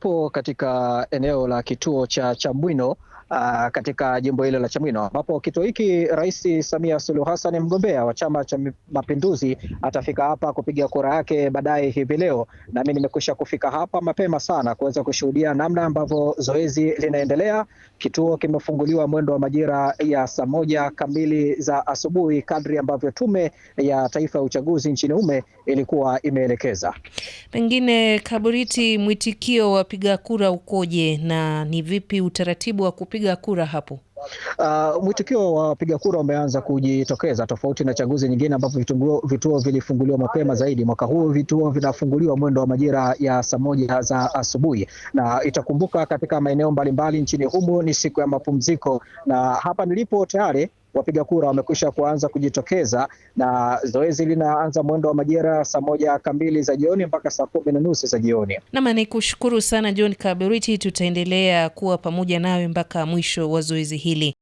Po katika eneo la kituo cha Chambwino uh, katika jimbo hilo la Chamwino, ambapo kituo hiki Rais Samia Suluhu Hassan, mgombea wa Chama cha Mapinduzi, atafika hapa kupiga kura yake baadaye hivi leo. Nami nimekwisha kufika hapa mapema sana kuweza kushuhudia namna ambavyo zoezi linaendelea. Kituo kimefunguliwa mwendo wa majira ya saa moja kamili za asubuhi kadri ambavyo Tume ya Taifa ya Uchaguzi nchini ume ilikuwa imeelekeza. Pengine Kaburiti, mwitikio wapiga kura ukoje na ni vipi utaratibu wa kupi kupiga kura hapo? Uh, mwitikio wa wapiga kura umeanza kujitokeza tofauti na chaguzi nyingine ambapo vituo, vituo vilifunguliwa mapema zaidi. Mwaka huu vituo vinafunguliwa mwendo wa majira ya saa moja za asubuhi, na itakumbuka katika maeneo mbalimbali nchini humo ni siku ya mapumziko, na hapa nilipo tayari wapiga kura wamekwisha kuanza kujitokeza, na zoezi linaanza mwendo wa majira saa moja kamili za jioni mpaka saa kumi na nusu za jioni. Nama ni kushukuru sana John kabriti tutaendelea kuwa pamoja nawe mpaka mwisho wa zoezi hili.